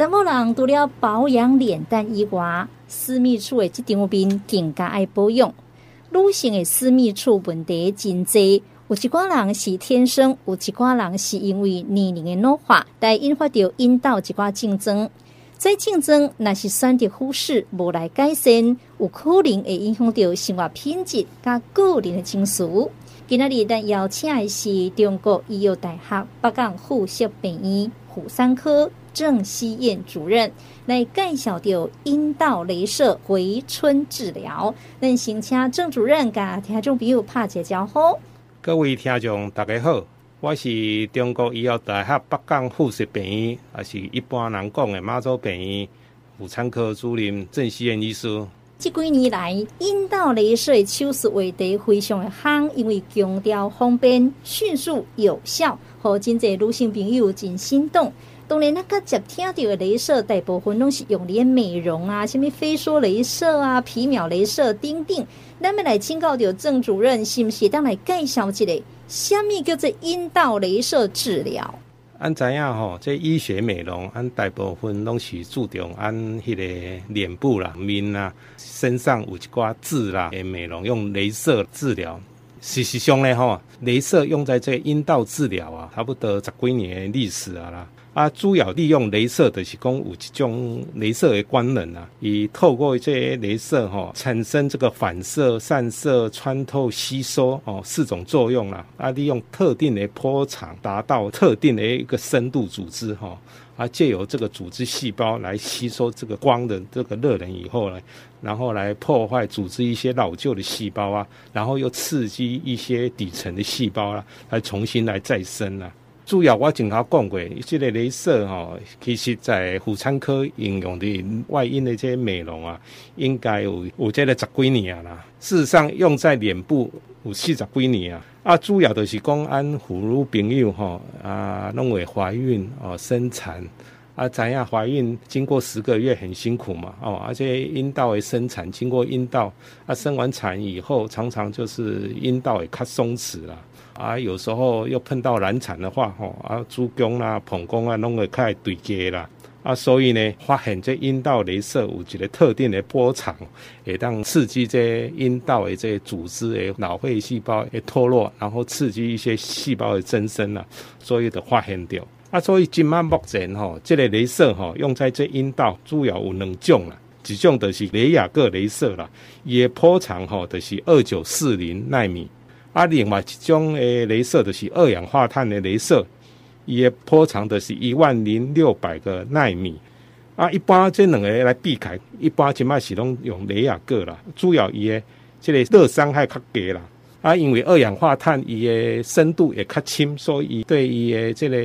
查某人，除了保養臉蛋以外，私密處的這張面更加愛保養。女性的私密處問題真濟，有一寡人是天生，有一寡人是因為年齡的老化，但引發到陰道一寡症狀，在症狀若是選擇忽視，無來改善，有可能會影響到生活品質加個人的情緒。今仔日咱邀請的是中國醫藥大學北港附設醫院婦產科。鄭希彥主任來介紹陰道雷射回春治療。那首先，鄭主任跟聽眾朋友拍一下招呼。各位聽眾，大家好，我是中國醫藥大學北港附設病院，也是一般人講的媽祖病院婦產科主任鄭希彥醫師。這幾年來，陰道雷射手術話題非常的夯，因為強調方便、迅速、有效，和真儕女性朋友真心動。當然，那個接聽到的雷射，大部分攏是用嚟美容啊，啥物飛梭雷射啊、皮秒雷射，等等。咱們來請教到鄭主任，是唔是？會當來介紹一下，啥物叫做陰道雷射治療？按知影吼、哦，這醫學美容，按大部分攏是注重按迄個臉部啦、面啦、啊、身上有一寡痣啦的美容，用雷射治療。事實上咧、哦，吼，雷射用在這個陰道治療啊，差不多十幾年的歷史啊啦。啊，主要利用雷射的是講有幾種雷射的光能啊，以透過這些雷射哈、哦，產生這個反射、散射、穿透、吸收哦四種作用啦、啊。啊，利用特定的波長達到特定的一個深度組織哈、啊，啊，借由這個組織細胞來吸收這個光的這個熱能以後呢，然後來破壞組織一些老舊的細胞啊，然後又刺激一些底層的細胞啊，來重新來再生呢、啊。主要我經常講過，即、這個雷射吼，其實在婦產科應用的外陰的這些美容啊，應該有有這個十幾年了啦。事實上，用在臉部有四十幾年啊。啊，主要就是公安、婦女朋友吼啊，弄為懷孕哦、啊、生產啊，怎樣懷孕？經過十個月很辛苦嘛哦，而且陰道也生產，經過陰道啊，生完產以後，常常就是陰道也較鬆弛了。啊，有時候又碰到難產的話，吼、哦、啊，子宮啦、膀胱啊，攏、啊、會開始堆積啦。啊，所以呢，發現這陰道雷射有一個特定的波長，會當刺激這陰道的這些組織、誒老廢細胞誒脫落，然後刺激一些細胞的增生了、啊，所以就發現掉。啊，所以今晚目前吼、哦，這個雷射吼、哦、用在這陰道主要有兩種啦，一種就是雷雅克雷射啦，伊的波長吼、哦、就是二九四零納米。啊，另外一種誒，鐳射就是二氧化碳的鐳射，伊個波長就是一萬零六百個納米。啊，一般即兩個來避開，一般即賣是攏用雷雅個啦。主要伊個即個熱傷害較低啦。啊，因為二氧化碳伊個深度也較深，所以對伊個即個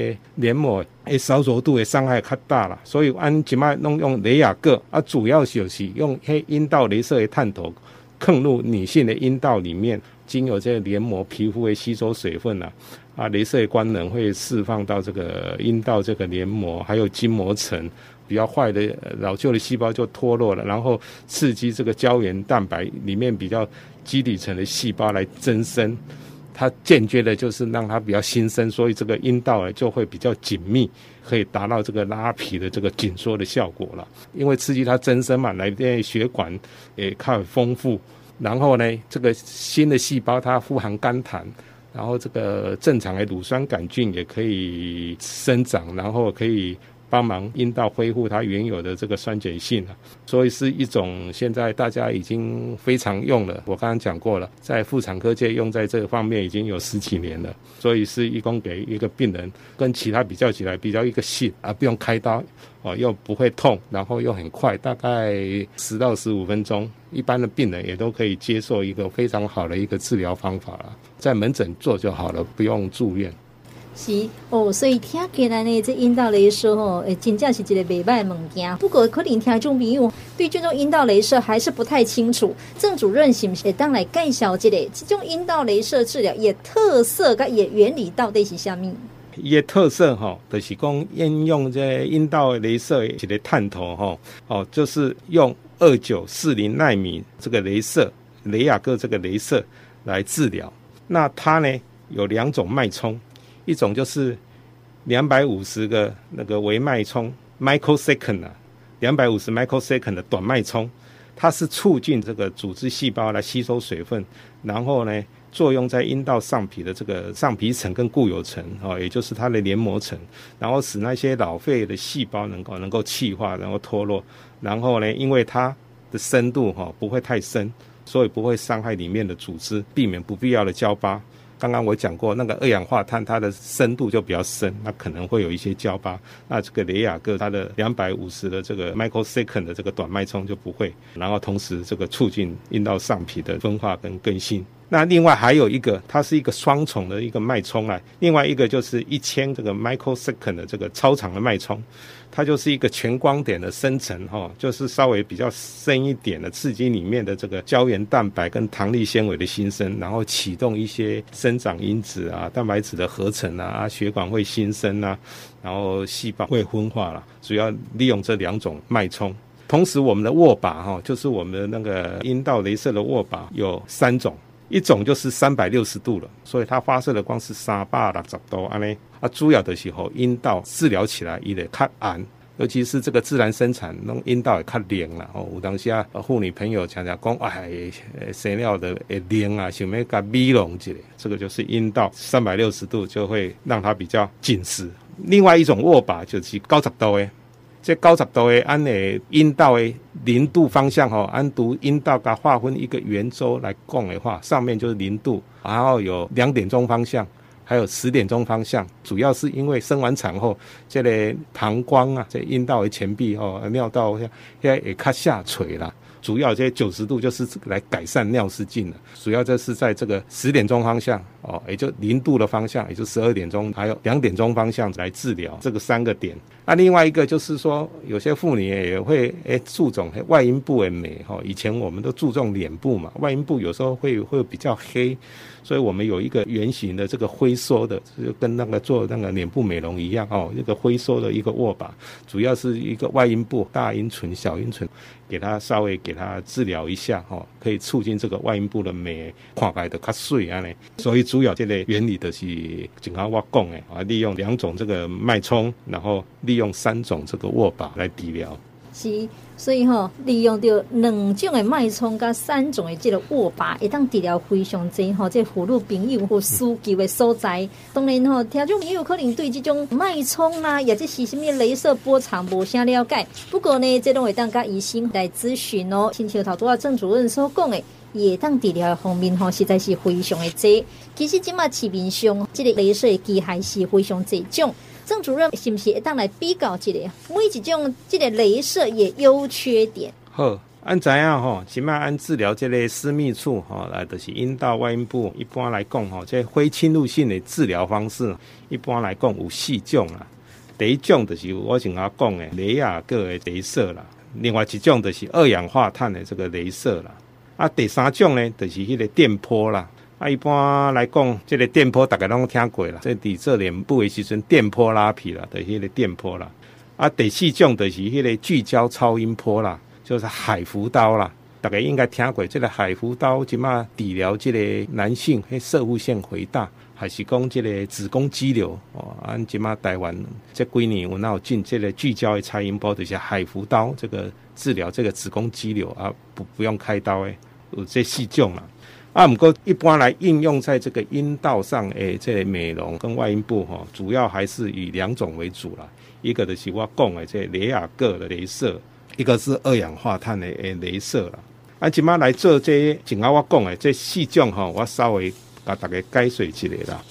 粘膜誒燒灼度的傷害較大啦。所以阮即賣攏用雷雅個啊，主要就是用黑陰道鐳射的探頭，嵌入女性的陰道裡面。經由這個黏膜皮膚會吸收水分吶、啊，啊，雷射光能會釋放到這個陰道這個黏膜，還有筋膜層比較壞的老舊的細胞就脫落了，然後刺激這個膠原蛋白裡面比較基底層的細胞來增生，它間接的就是讓它比較新生，所以這個陰道啊就會比較緊密，可以達到這個拉皮的這個緊縮的效果了。因為刺激它增生嘛，來些血管也看豐富。然後呢，這個新的細胞它富含肝糖，然後這個正常的乳酸桿菌也可以生長，然後可以幫忙陰道恢復它原有的這個酸鹼性。所以是一種現在大家已經非常用了。我剛剛講過了，在婦產科界用在這個方面已經有十幾年了，所以是一共給一個病人跟其他比較起來比較一個性，而不用開刀。又不會痛，然後又很快，大概十到十五分鐘，一般的病人也都可以接受一個非常好的一個治療方法了，在門診做就好了，不用住院。是哦，所以聽起來呢，這陰道雷射哦，哎，真正是一個美邁物件。不過可能聽眾朋友對這種陰道雷射還是不太清楚，鄭主任是不是當來介紹一下，這種陰道雷射治療也特色，也原理到底是什麼一些特色哈，就是應用這陰道雷射一起的探頭哈，哦，就是用二九四零奈米這個雷射雷亞克這個雷射來治療。那它呢，有兩種脈衝，一種就是兩百五十個那個微脈衝 microsecond 的，兩百五十 microsecond 的短脈衝，它是促進這個組織細胞來吸收水分，然後呢。作用在陰道上皮的這個上皮層跟固有層，哈，也就是它的黏膜層，然後使那些老廢的細胞能夠能夠氣化，然後脫落，然後呢，因為它的深度，哈，不會太深，所以不會傷害裡面的組織，避免不必要的焦疤。剛剛我講過，那個二氧化碳它的深度就比較深，那可能會有一些焦疤。那這個雷雅戈它的兩百五十的這個 micro second 的這個短脈衝就不會。然後同時這個促進陰道上皮的分化跟更新。那另外還有一個，它是一個雙重的一個脈衝啊。另外一個就是一千這個 micro second 的這個超長的脈衝。它就是一個全光點的生成，哈，就是稍微比較深一點的刺激裡面的這個膠原蛋白跟彈力纖維的新生，然後啟動一些生長因子啊、蛋白質的合成啊，血管會新生啊，然後細胞會分化了。主要利用這兩種脈衝，同時我們的握把，哈，就是我們的那個陰道雷射的握把有三種。一種就是三百六十度了，所以它發射的光是三百六十度。安尼啊，主要的時候陰道治療起來也得看安，尤其是這個自然生產，弄陰道也看涼了。哦，有當時啊，婦女朋友常常講，哎，生了的涼啊，想要給它美容一下，這個就是陰道三百六十度就會讓它比較緊實。另外一種握把就是九十度的。這九十度，誒，按誒陰道誒零度方向吼、哦，按讀陰道噶劃分一個圓周來講的話，上面就是零度，然後有兩點鐘方向，還有十點鐘方向。主要是因為生完產後，這嘞膀胱啊，這陰道誒前壁，哦，尿道也也它下垂了。主要這九十度就是來改善尿失禁，主要就是在這個十點鐘方向，哦，也就零度的方向，也就十二點鐘，還有兩點鐘方向來治療，這個三個點。那、啊、另外一個就是說，有些婦女也會哎注重外陰部的美哈。以前我們都注重臉部嘛，外陰部有時候會會比較黑，所以我們有一個圓形的這個灰縮的，就跟那個做那個臉部美容一樣哦。一、這個灰縮的一個握把，主要是一個外陰部、大陰唇、小陰唇，給它稍微給它治療一下哈、哦，可以促進這個外陰部的美，垮開的卡碎啊，所以。主要這類原理是正的是健康我講誒，啊，利用兩種這個脈衝，然後利用三種這個握把來治療。是，所以吼、哦，利用到兩種的脈衝加三種的這個握把，會當治療非常儕吼、哦。這葫蘆病友或需求的所在，嗯、當然吼、哦，聽眾也有可能對這種脈衝啦，也即是甚物鐳射波長無啥了解。不過呢，這都會當加醫生來諮詢哦。親像頭拄啊鄭主任所講誒。也當治療的方面哈，實在是非常的多。其實今麥市面上，這個鐳射的機還是非常多種。鄭主任是不是一當來比較一下，每一種這個鐳射的優缺點？好，按怎樣哈？今麥按治療這類私密處哈，來的是陰道外陰部。一般來講哈，這非侵入性的治療方式，一般來講有四種啊。第一種就是我先阿講的，的雷亞戈的鐳射啦；另外一種就是二氧化碳的這個鐳射啦。啊，第三種呢，就是迄個電波啦。啊，一般來講，這個電波大家攏聽過啦。即底做臉部的時陣，電波拉皮啦，就是迄個電波啦。啊，第四種就是迄個聚焦超音波啦，就是海扶刀啦。大家應該聽過，這個海扶刀即馬治療這個男性攝護腺肥大，還是講這個子宮肌瘤哦，按即馬台灣這幾年我那有進這個聚焦的超音波，就是海扶刀這個治療這個子宮肌瘤啊，不不用開刀誒，有這四種啦。啊，不過一般來應用在這個陰道上誒，這個美容跟外陰部吼、哦，主要還是以兩種為主啦，一個就是我講誒，這個鉺雅克的雷射，一個是二氧化碳的誒雷射啦。啊即馬來做這個，就按我講誒這個、四種吼、哦，我稍微。把大家解釋一下啦，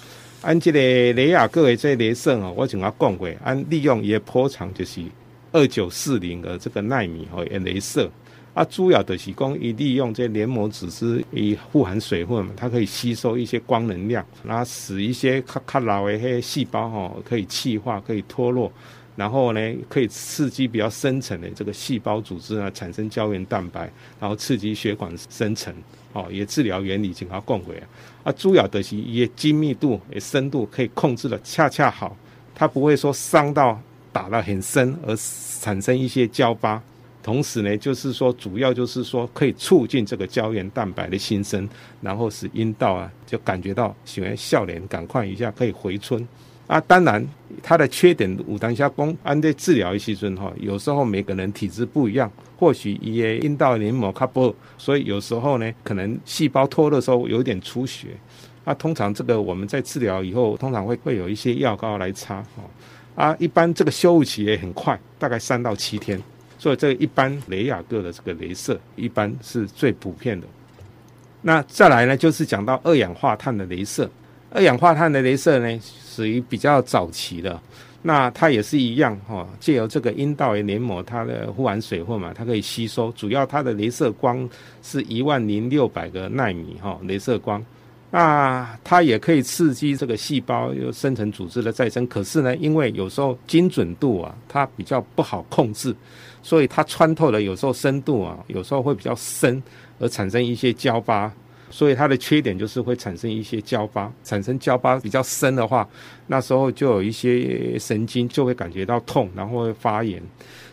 按這個雷亞克的這個鐳射哦、喔，我上下講過，按利用一個波長就是二九四零的這個納米和、喔、鐳射，啊主要就是講以利用這粘膜組織，它富含水分，它可以吸收一些光能量，然後使一些較較老的那個細胞哦、喔、可以氣化，可以脫落。然後呢，可以刺激比較深層的這個細胞組織呢，產生膠原蛋白，然後刺激血管生成，哦，也治療原理正好共軌啊。啊，主要的是也精密度也深度可以控制得恰恰好，它不會說傷到打得很深而產生一些膠疤。同時呢，就是說主要就是說可以促進這個膠原蛋白的新生，然後使陰道啊就感覺到喜歡笑臉，趕快一下可以回春。啊，當然，它的缺點，點，五塘蝦宮，按在治療一些症候，哦，有時候每個人體質不一樣，或許也陰道黏膜卡薄，所以有時候呢，可能細胞脫落的時候有點出血。啊，通常這個我們在治療以後，通常會會有一些藥膏來擦。哦、啊，一般這個修復期也很快，大概三到七天。所以這個一般雷雅各的這個雷射，一般是最普遍的。那再來呢，就是講到二氧化碳的雷射。二氧化碳的雷射呢，屬於比較早期的，那它也是一樣哈，借由這個陰道炎黏膜，它的富含水分嘛，它可以吸收。主要它的雷射光是一萬零六百個奈米哈，雷射光，那它也可以刺激這個細胞又生成組織的再生。可是呢，因為有時候精準度啊，它比較不好控制，所以它穿透的有時候深度啊，有時候會比較深，而產生一些焦疤。所以它的缺點就是會產生一些膠疤，產生膠疤比較深的話，那時候就有一些神經就會感覺到痛，然後會發炎，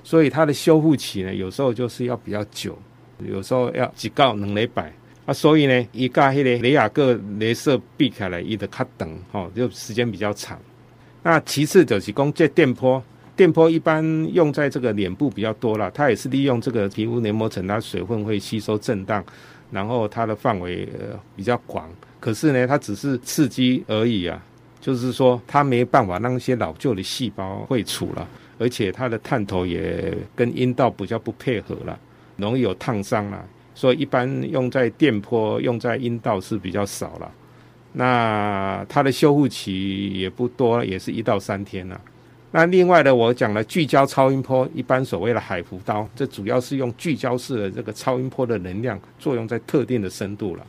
所以它的修復期呢，有時候就是要比較久，有時候要幾告能雷百，所以呢，一告黑雷雷亞雷射避開來一的卡等哈，就時間比較長。那其次就是光借電波，電波一般用在這個臉部比較多啦，它也是利用這個皮膚黏膜層，它水分會吸收震盪。然後它的範圍呃比較廣，可是呢，它只是刺激而已啊，就是說它沒辦法讓一些老舊的細胞會處了，而且它的探頭也跟陰道比較不配合了，容易有燙傷了，所以一般用在電波、用在陰道是比較少了。那它的修復期也不多，也是一到三天了。那另外呢，我講了聚焦超音波，一般所謂的海扶刀，這主要是用聚焦式的這個超音波的能量作用在特定的深度了。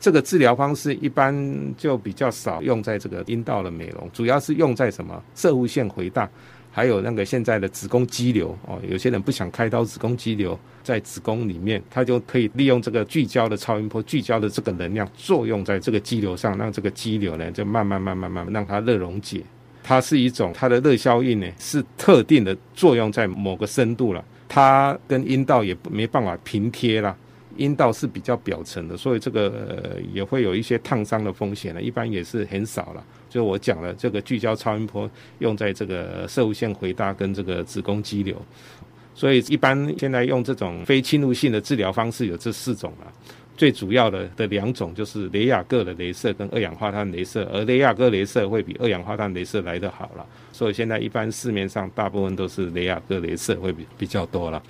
這個治療方式一般就比較少用在這個陰道的美容，主要是用在什麼？射線回盪，還有那個現在的子宮肌瘤哦。有些人不想開刀子宮肌瘤，在子宮裡面，他就可以利用這個聚焦的超音波，聚焦的這個能量作用在這個肌瘤上，讓這個肌瘤呢就慢慢慢慢慢慢讓它熱溶解。它是一種，它的熱效應呢是特定的作用在某個深度了，它跟陰道也沒辦法平貼了，陰道是比較表層的，所以這個、呃、也會有一些燙傷的風險，一般也是很少了。就我講了，這個聚焦超音波用在這個射線回答跟這個子宮肌瘤，所以一般現在用這種非侵入性的治療方式有這四種了。最主要的的兩種就是雷亞哥的雷射跟二氧化碳雷射，而雷亞哥雷射會比二氧化碳雷射來得好了，所以現在一般市面上大部分都是雷亞哥雷射會比比較多了。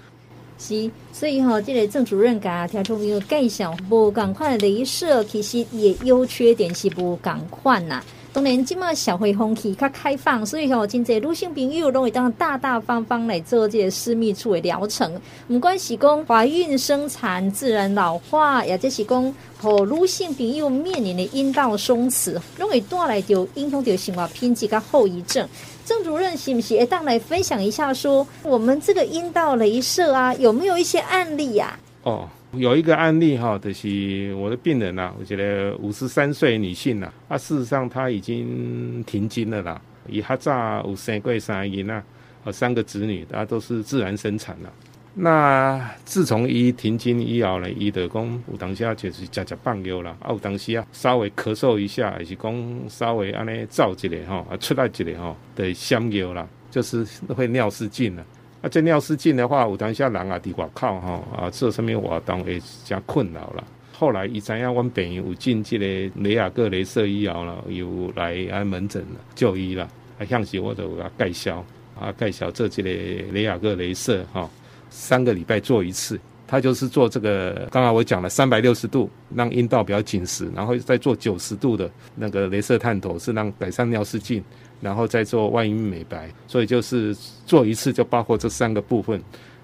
是，所以哈、哦、即、這個鄭主任甲聽眾朋友介紹，無同款的雷射其實也優缺點是無同款吶。中年即嘛社會風氣較開放，所以像我今這乳腺病友，容易當大大方方來做這個私密處的療程。唔關係，講懷孕生產、自然老化，也即是講和乳腺病友面臨的陰道鬆弛，容易帶來就影響就生活品質個後遺症。鄭主任，是不是？來當來分享一下說，說我們這個陰道雷射啊，有沒有一些案例呀、啊？哦。有一個案例哈，就是我的病人啦，我覺得五十三歲女性啦，啊，事實上她已經停經了啦，伊哈乍有三過三個啦，啊，三個子女啊都是自然生產的。那自從伊停經以後呢，伊得講有當時就是吃吃放藥了，啊有當時啊稍微咳嗽一下，也是講稍微安尼走一下哈，啊出來一下哈，得先藥啦，就是會尿失禁了。啊、這尿失禁的話，有當下人啊佇外靠哈、哦、啊，這上面我當也真困擾了。後來伊知影阮病人有進這個雷雅各雷射醫療了，又來安、啊、門診了就醫了，啊，向西我都啊介紹啊，蓋紹這即個雷雅各雷射哈、哦，三個禮拜做一次，他就是做這個，剛才我講了三百六十度讓陰道比較緊實，然後再做九十度的那個雷射探頭是讓改善尿失禁。然後再做外陰美白，所以就是做一次就包括這三個部分，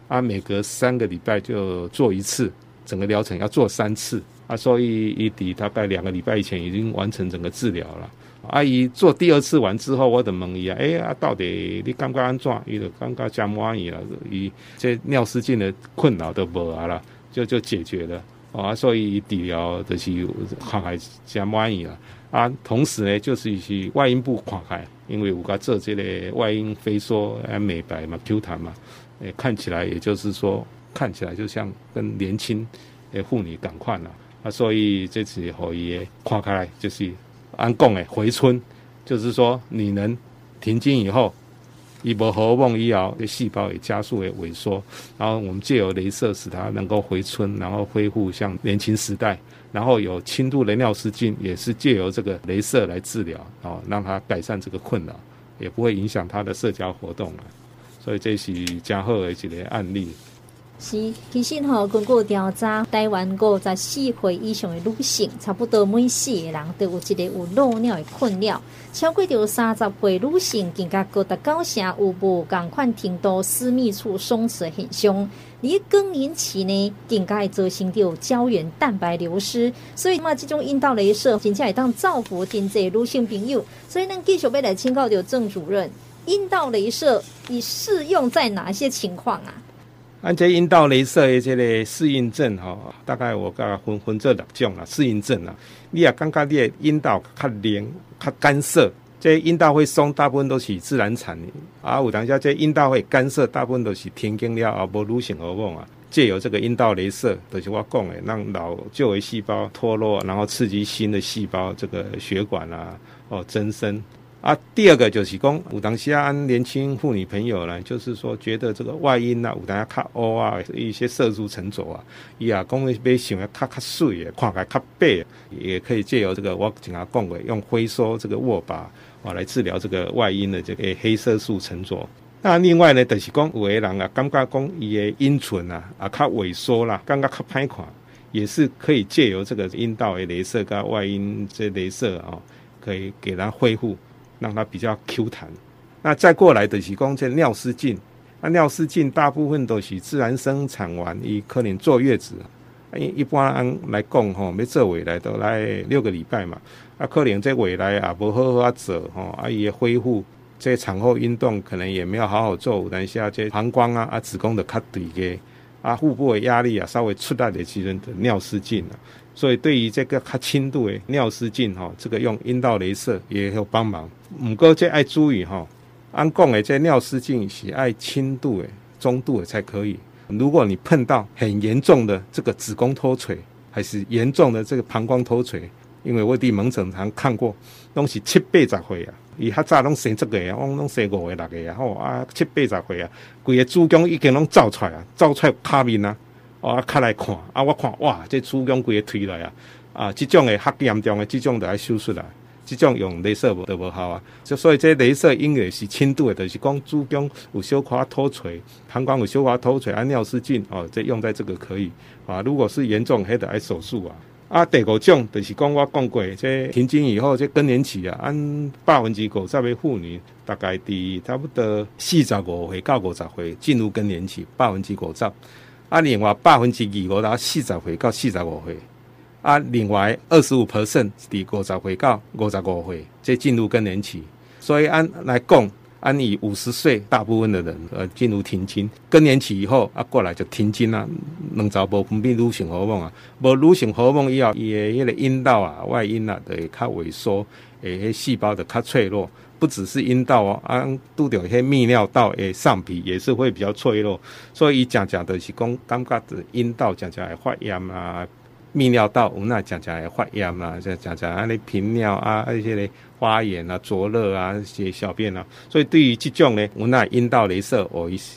啊，每隔三個禮拜就做一次，整個療程要做三次，啊，所以一滴大概兩個禮拜以前已經完成整個治療了。阿、啊、姨做第二次完之後，我就問伊啊，哎，啊，到底你感覺安怎？伊剛剛講滿意了，伊這尿失禁的困擾都無啊了，就就解決了啊，所以治療的、就是還還講滿意了啊，同時呢就是一些外陰部垮開。因為五加，這這類外陰非說哎美白嘛、Q 彈嘛，看起來也就是說，看起來就像跟年輕的婦女趕快了。啊，所以這次可以跨開來就是按貢哎回春，就是說你能停經以後，一波荷爾蒙醫熬，的細胞也加速的萎縮，然後我們借由雷射使它能夠回春，然後恢復像年輕時代。然後有輕度的尿失禁，也是借由這個雷射來治療，啊、哦，讓他改善這個困擾，也不會影響他的社交活動了，所以這是很好的幾個案例。是，其實吼、哦，根據調查，台灣過十四歲以上的女性，差不多每四個人都有一個有漏尿的困擾。超過到三十歲女性，更加各大高雄有無共款聽到私密處鬆弛現象？而更年期呢，更加會造成有膠原蛋白流失，所以嘛，這種陰道雷射真正會當造福真濟女性朋友。所以，咱繼續要來請教到鄭主任，陰道雷射伊適用在哪些情況啊？按這陰道雷射的這個適應症哈、哦，大概我噶分分做六種啦，適應症啦。你也感覺，你的陰道較黏，較乾澀，這陰道會鬆，大部分都是自然產的。啊，有當下這陰道會乾澀，大部分都是停經了啊，無女性荷爾蒙啊。借由這個陰道雷射，就是我講誒，讓老舊的細胞脫落，然後刺激新的細胞，這個血管啊哦增生。啊，第二個就是講，有當時仔年輕婦女朋友呢，就是說覺得這個外陰啊，有淡仔卡烏啊，一些色素沉着啊，也啊，講想要卡卡水的，看起來卡白，也可以借由這個我怎啊講的用回收這個握把啊來治療這個外陰的這個黑色素沉着。那另外呢，就是講有的人的啊，感覺講伊的陰唇啊，啊卡萎縮啦，感覺卡歹看，也是可以借由這個陰道的雷射跟外陰這雷射啊、喔，可以給他恢復。讓它比較 Q 彈，那再過來就是講這個尿失禁，那尿失禁大部分都是自然生產完，一可能坐月子，一般來講吼，沒、哦、做回來都來六個禮拜嘛，啊，可能在回來也、啊、不好好做吼、哦，啊也恢復這產、個、後運動可能也沒有好好做，等下這膀胱啊啊子宮的卡底啊腹部的壓力啊稍微出來的時陣尿失禁了、啊。所以對於這個較輕度誒尿失禁哈、哦，這個用陰道雷射也有幫忙。唔過這愛注意哈，按講誒，的這尿失禁是愛輕度誒、中度誒才可以。如果你碰到很嚴重的這個子宮脫垂，還是嚴重的這個膀胱脫垂，因為我佇門診上看過，攏是七八十歲啊，伊較早攏生這個生、哦、啊，我攏生五個六個啊，吼啊七八十歲啊，規個子宮已經攏造出來啊，造出來卡面啊。哦、啊，較來看，啊，我看哇，這子宮規個退來啊，啊，即種誒很嚴重誒，即種得來手術啦，即種用鐳射無都無效啊？所以這鐳射應該是輕度誒，都、就是講子宮有小可脫垂、膀胱有小可脫垂，按、啊、尿失禁哦，這用在這個可以啊。如果是嚴重，還得來手術啊。啊，第五種講，就是講我講過，這停經以後這更年期啊，按百分之幾五十誒婦女大概佇差不多四十五歲到五十歲進入更年期，百分之幾五十。啊，另外百分之二五到四十歲到四十五歲，啊，另外二十五 percent 是五十歲到五十五歲，再進入更年期。所以按來講，按以五十歲大部分的人呃進入停經更年期以後啊，過來就停經啊，兩到無分泌女性荷爾蒙啊，無女性荷爾蒙以後，伊個陰道啊、外陰啊都會較萎縮，誒，細胞都較脆弱。不只是陰道哦，啊，肚底有些泌尿道誒，上皮也是會比較脆弱，所以講講的是講感覺的陰道講講還發炎啊，泌尿道無奈講講還發炎啊，再講講啊，你頻尿啊，一些嘞發炎啊，灼熱啊，一些小便啊，所以對於這種呢，無奈陰道雷射哦一些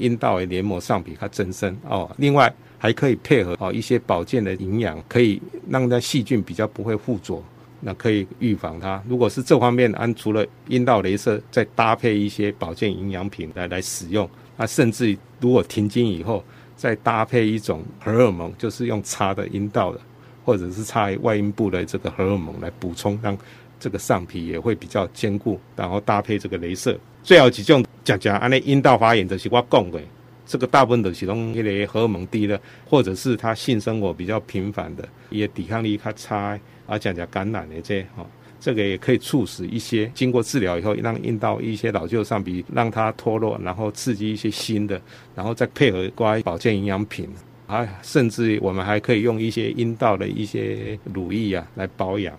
陰道的黏膜上皮它增生哦，另外還可以配合哦一些保健的營養，可以讓它細菌比較不會附着。那可以預防它。如果是這方面，按、嗯、除了陰道雷射，再搭配一些保健營養品來來使用。那、啊、甚至如果停經以後，再搭配一種荷爾蒙，就是用擦的陰道的，或者是擦外陰部的這個荷爾蒙來補充，讓這個上皮也會比較堅固。然後搭配這個雷射。最好幾種講講，按那陰道發炎的是我講的，這個大部分的其用那個荷爾蒙低了，或者是他性生活比較頻繁的，也抵抗力它差。啊，講講感染的這些，哦，這個也可以促使一些經過治療以後，讓陰道一些老舊上皮讓它脫落，然後刺激一些新的，然後再配合刮保健營養品啊，甚至我們還可以用一些陰道的一些乳液啊來保養。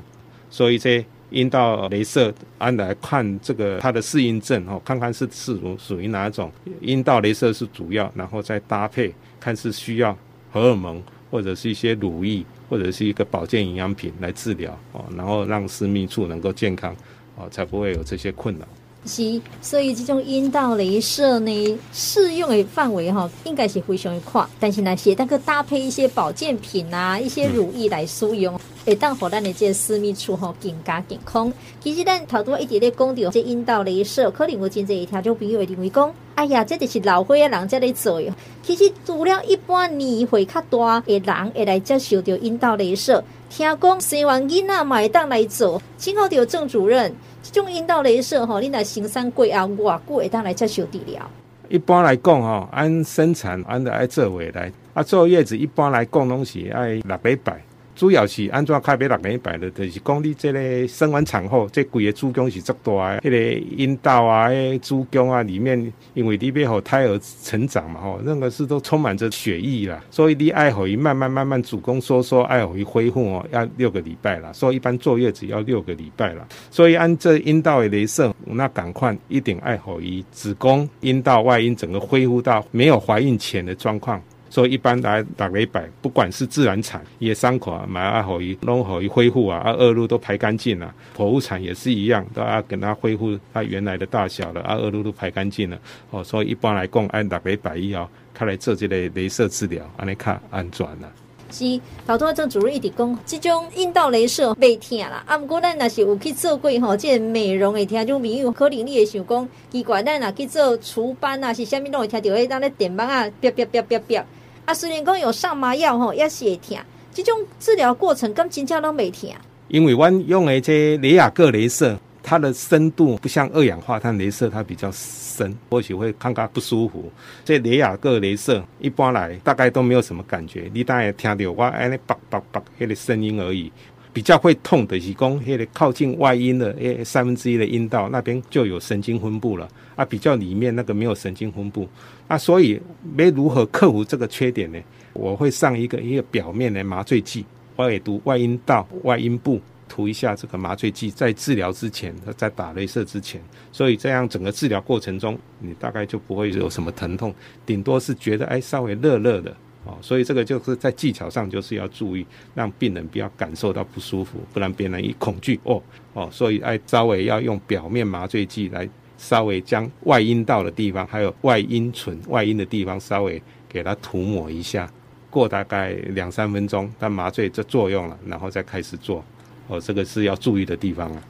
所以這陰道雷射按來看，這個它的適應症哦，看看是是屬屬於哪種陰道雷射是主要，然後再搭配看是需要荷爾蒙或者是一些乳液。或者是一個保健營養品來治療哦，然後讓私密處能夠健康哦，才不會有這些困擾。是，所以這種陰道雷射呢，適用的範圍哈，應該是非常的寬。但是呢，攜帶個搭配一些保健品啊，一些乳液來輸用，嗯、會當好咱的這私密處哈、哦，更加健康。其實呢頭多一點點公道，這陰道雷射可能我進這一條就不用一定為公。哎呀，這就是老歲仔人才咧做。其實除了一般年歲較大，誒人，會來接受到陰道雷射。聽講生完囝仔嘛會當來做。幸好有鄭主任，這種陰道雷射吼，你若生產過後偌久會當來接受治療，啊。一般來講吼，按生產按著愛做月內，啊，坐月子一般來講攏是愛六禮拜。主要是安裝開別六個禮拜的，就是講你這個生完產後，這貴、個、的子宮是足大，迄、那個陰道啊、那個、子宮啊裡面，因為你背後胎兒成長嘛吼，任何事都充滿着血液啦，所以你愛好於慢慢慢慢子宮收縮，愛好於恢復哦，要六個禮拜啦。所以一般坐月子要六個禮拜啦。所以按這陰道的雷射，那趕快一定愛好於子宮陰道外陰整個恢復到沒有懷孕前的狀況。所以一般來打雷百，不管是自然產也傷口啊，買阿虎魚弄虎魚恢復啊，啊惡露都排乾淨了。剖腹產也是一樣，都啊跟他恢復他原來的大小了，啊，惡露都排乾淨了。哦，所以一般來講，按打雷百億哦，開來做這個鐳射治療，安尼較安全啦。是，好多阿鄭主任一直講，這種陰道鐳射袂痛啦。啊，不過咱若是有去做過吼，即美容的聽眾朋友可能你會想講，奇怪，咱若去做除斑啊，是啥物都會聽到許當咧電棒啊，啪啪啪啪啪。啊，雖然講有上麻藥吼、哦，也是會疼。這種治療過程，敢真正攏沒疼。因為阮用的這雷亞克鐳射，它的深度不像二氧化碳鐳射，它比較深，或許會感覺不舒服。這雷亞克鐳射，一般來大概都沒有什麼感覺，你等下聽到我安尼叭叭叭迄個聲音而已。比較會痛的子宮，因為靠近外陰的誒三分之一的陰道那邊就有神經分布了啊，比較裡面那個沒有神經分布啊，所以沒如何克服這個缺點呢？我會上一個一個表面的麻醉劑，我也讀外陰道外陰部塗一下這個麻醉劑，在治療之前，在打雷射之前，所以這樣整個治療過程中，你大概就不會有什麼疼痛，頂多是覺得哎稍微熱熱的。哦，所以這個就是在技巧上，就是要注意讓病人不要感受到不舒服，不然病人一恐懼哦哦，所以要，稍微要用表面麻醉劑來稍微將外陰道的地方，還有外陰唇、外陰的地方稍微給它塗抹一下，過大概兩三分鐘，但麻醉就作用了，然後再開始做哦，這個是要注意的地方啊。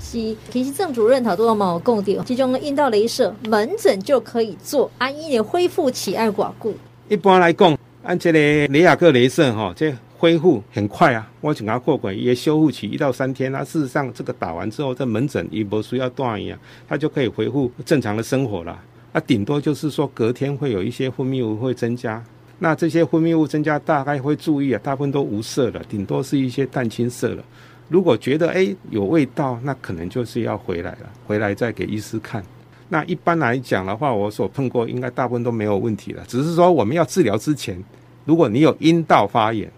是，其實鄭主任他多了毛共點，其中陰道雷射門診就可以做，安姨也恢復起來寡固。一般來講。按、啊、這裡、個、雷亞克雷射哈、哦，這恢復很快啊。我請他過管，也修復期一到三天那、啊、事實上，這個打完之後，在門診也不需要斷一樣，他就可以恢復正常的生活了。那、啊、頂多就是說隔天會有一些分泌物會增加，那這些分泌物增加大概會注意啊，大部分都無色的，頂多是一些淡青色的。如果覺得哎有味道，那可能就是要回來了，回來再給醫師看。那一般來講的話，我所碰過應該大部分都沒有問題了。只是說我們要治療之前，如果你有陰道發炎，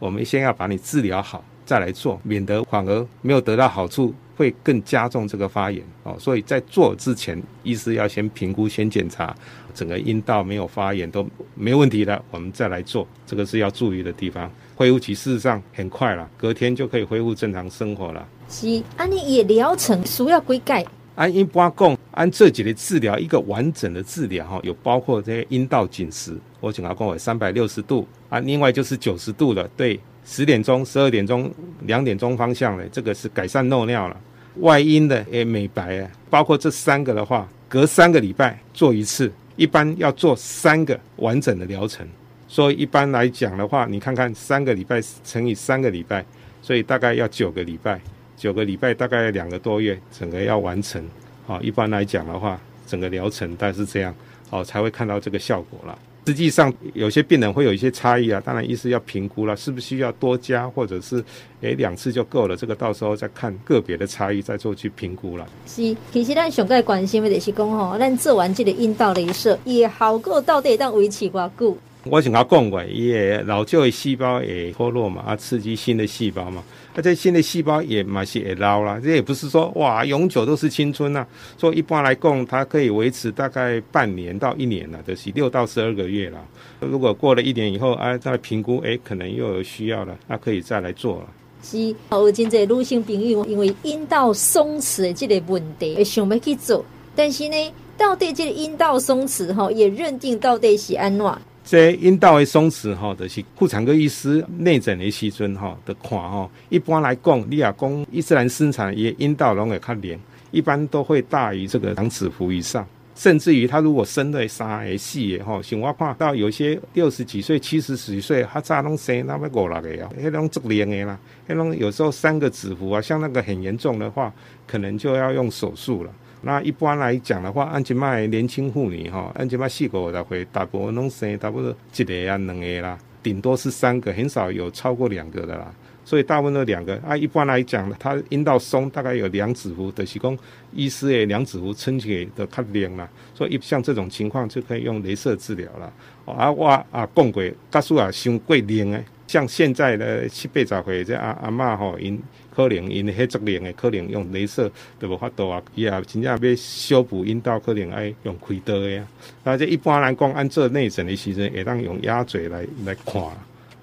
我們先要把你治療好再來做，免得反而沒有得到好處，會更加重這個發炎哦。所以在做之前，醫師要先評估、先檢查，整個陰道沒有發炎都沒問題了，我們再來做。這個是要注意的地方。恢復期事實上很快了，隔天就可以恢復正常生活了。是，安、啊、你也療程，需要幾次？啊，一般講。按自己的治療，一個完整的治療哈、哦，有包括這些陰道緊實，我警告各位，三百六十度啊，另外就是九十度了，對十點鐘、十二點鐘、兩點鐘方向的，這個是改善漏尿了，外陰的也美白了，包括這三個的話，隔三個禮拜做一次，一般要做三個完整的療程，所以一般來講的話，你看看三個禮拜乘以三個禮拜，所以大概要九個禮拜，九個禮拜大概兩個多月，整個要完成。啊、哦，一般來講的話，整個療程大概是這樣，哦，才會看到這個效果啦。實際上，有些病人會有一些差異啊。當然，醫師要評估了，是不是需要多加，或者是誒、欸、兩次就夠了。這個到時候再看個別的差異，再做去評估了。是，其實咱想再關心的，是講吼，咱做完這個陰道雷射，也好過到底當維持多久？我是甲講過，伊老舊的細胞也脫落嘛，啊，刺激新的細胞嘛。而且現在細胞也蠻是也老了，這也不是說哇永久都是青春吶、啊。所以一般來講，它可以維持大概半年到一年啦，就是六到十二個月啦。如果過了一年以後，哎、啊，再來評估，哎，可能又有需要了，那、啊、可以再來做了。是，我今在女性朋友因為陰道鬆弛的這個問題想要去做，但是呢，到底這個陰道鬆弛哈，也認定到底是安怎？這陰道的鬆弛，哈，都是婦產科醫師內診的時陣哈，得看哈。一般來講，你也講伊斯蘭生產也陰道攏會看裂，一般都會大於這個兩指幅以上。甚至於他如果生的三誒四誒吼，像我看到有些六十幾歲、七十幾歲，他咋攏生那麼五六個啊，那種足裂的啦，那種有時候三個指幅啊，像那個很嚴重的話，可能就要用手術了。那一般來講的話，按怎嘛年輕婦女吼，按怎嘛四五十歲，大部分攏生大部分一個啊，兩個啦，頂多是三個，很少有超過兩個的啦。所以大部分都兩個。啊，一般來講，它陰道鬆，大概有兩指幅，都、就是講醫師誒兩指幅撐起都較靈啦。所以像這種情況就可以用雷射治療了、啊。啊，我啊講過，家屬啊傷過靈誒。像現在的七八十歲這阿阿嬤吼，因。可能因遐作孽的，可能用鐳射都無法度啊！伊啊真正要修補陰道，可能要用開刀的啊。啊，這一般人講按這做內診的時陣，會當用鴨嘴來來看啦，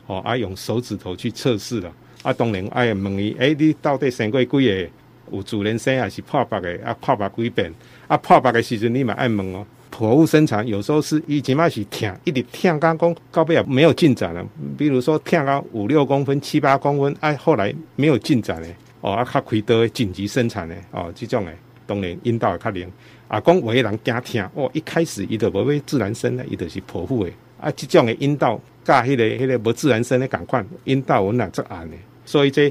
哦，愛、啊、用手指頭去測試了。啊，當然愛問伊，誒、欸，你到底生過幾個？有自然生還是剖腹誒？啊，剖腹幾遍？啊，剖腹誒時陣，你嘛愛問哦。剖腹生產有時候是伊即擺是疼，一直疼，講講，到尾了沒有進展了。比如說疼到五六公分、七八公分，哎、啊，後來沒有進展嘞。哦，啊，較開刀緊急生產嘞。哦，這種嘞，當然陰道也開連。啊，講有些人驚疼，哦，一開始伊就不會自然生呢，伊就是剖腹的。啊，這種的陰道甲迄個、迄個無自然生的共款，陰道紋啊窄窄的，所以這。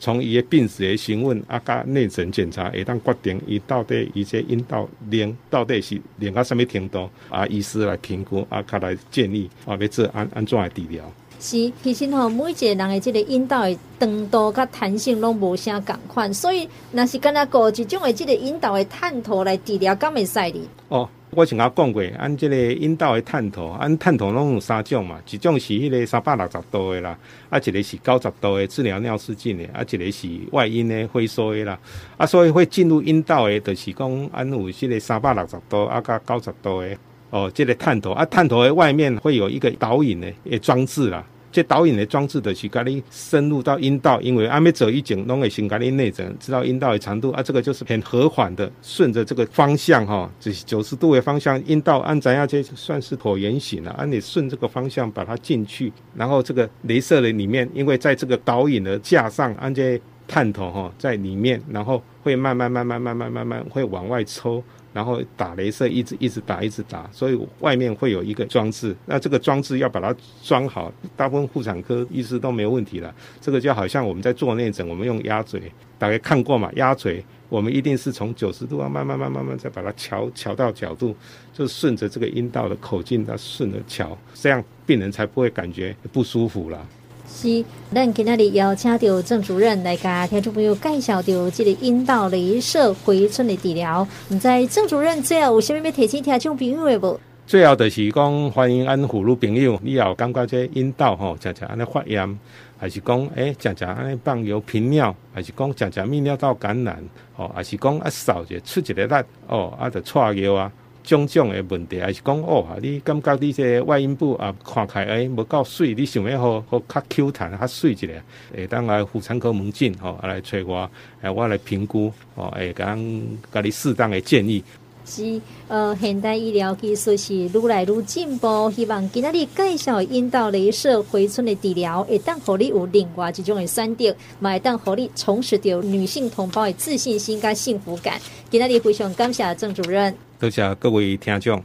從伊誒病史誒詢問，啊甲內診檢查會當決定伊到底伊只陰道冗到底是冗到啥物程度，啊醫師來評估啊，佮來建議，啊要做安安怎誒治療。是，其實吼、喔，每一個人誒即個陰道誒長度甲彈性攏無啥共款，所以若是干焦一種誒即個陰道誒探頭來治療，敢會使呢？哦。我先下講過，按這個陰道的探頭，按探頭攏有三種嘛，一種是迄個三百六十度的啦，啊，一個是九十度的治療尿失禁的，啊，一個是外陰的萎縮的啦，啊，所以會進入陰道的，就是講按有這個三百六十度啊加九十度的，哦，這個探頭，啊，探頭的外面會有一個導引的裝置啦。這導引的裝置的去，給你深入到陰道，因為還沒走一井，弄個性給你內診，知道陰道的長度啊，這個就是很和緩的，順着這個方向哈，這九十度的方向，陰道按咱要這算是橢圓形了，啊，你順這個方向把它進去，然後這個雷射的裡面，因為在這個導引的架上，按、嗯、這探頭哈、哦、在裡面，然後會慢慢慢慢慢慢慢慢會往外抽。然後打雷射，一直一直打，一直打，所以外面會有一個裝置。那這個裝置要把它裝好，大部分婦產科醫師都沒問題了。這個就好像我們在做內診，我們用鴨嘴，大家看過嘛？鴨嘴，我們一定是從九十度啊，慢慢慢慢慢再把它調調到角度，就順着這個陰道的口徑，它順着調，這樣病人才不會感覺不舒服了。是，咱今天哩邀請到鄭主任來主任，甲聽眾朋友介紹到這個陰道雷射回春的治療。唔，知鄭主任最後有什麼要提醒聽眾朋友的不？最後就是講，歡迎安撫女朋友，你有感覺這陰道吼，常常安尼發炎，還是講誒，常常安尼放尿頻尿，還是講常常泌尿道感染，吼、哦，還是講一掃就出一個力哦，啊就，得擦藥啊。種種的問題，還、就是講哦，你感覺你這外陰部啊，看起來哎，無夠水，你想要好，好較 Q 彈，較水一點，哎，會當來婦產科門診哦，來找我，來、啊、我來評估哦，哎、欸，講給你適當的建議。是呃，現代醫療技術是越來越進步，希望今天你介紹陰道雷射回春的治療，會當予你有另外一種的選擇，嘛會當予你重拾掉女性同胞的自信心跟幸福感。今天你非常感謝鄭主任。多謝各位聽眾。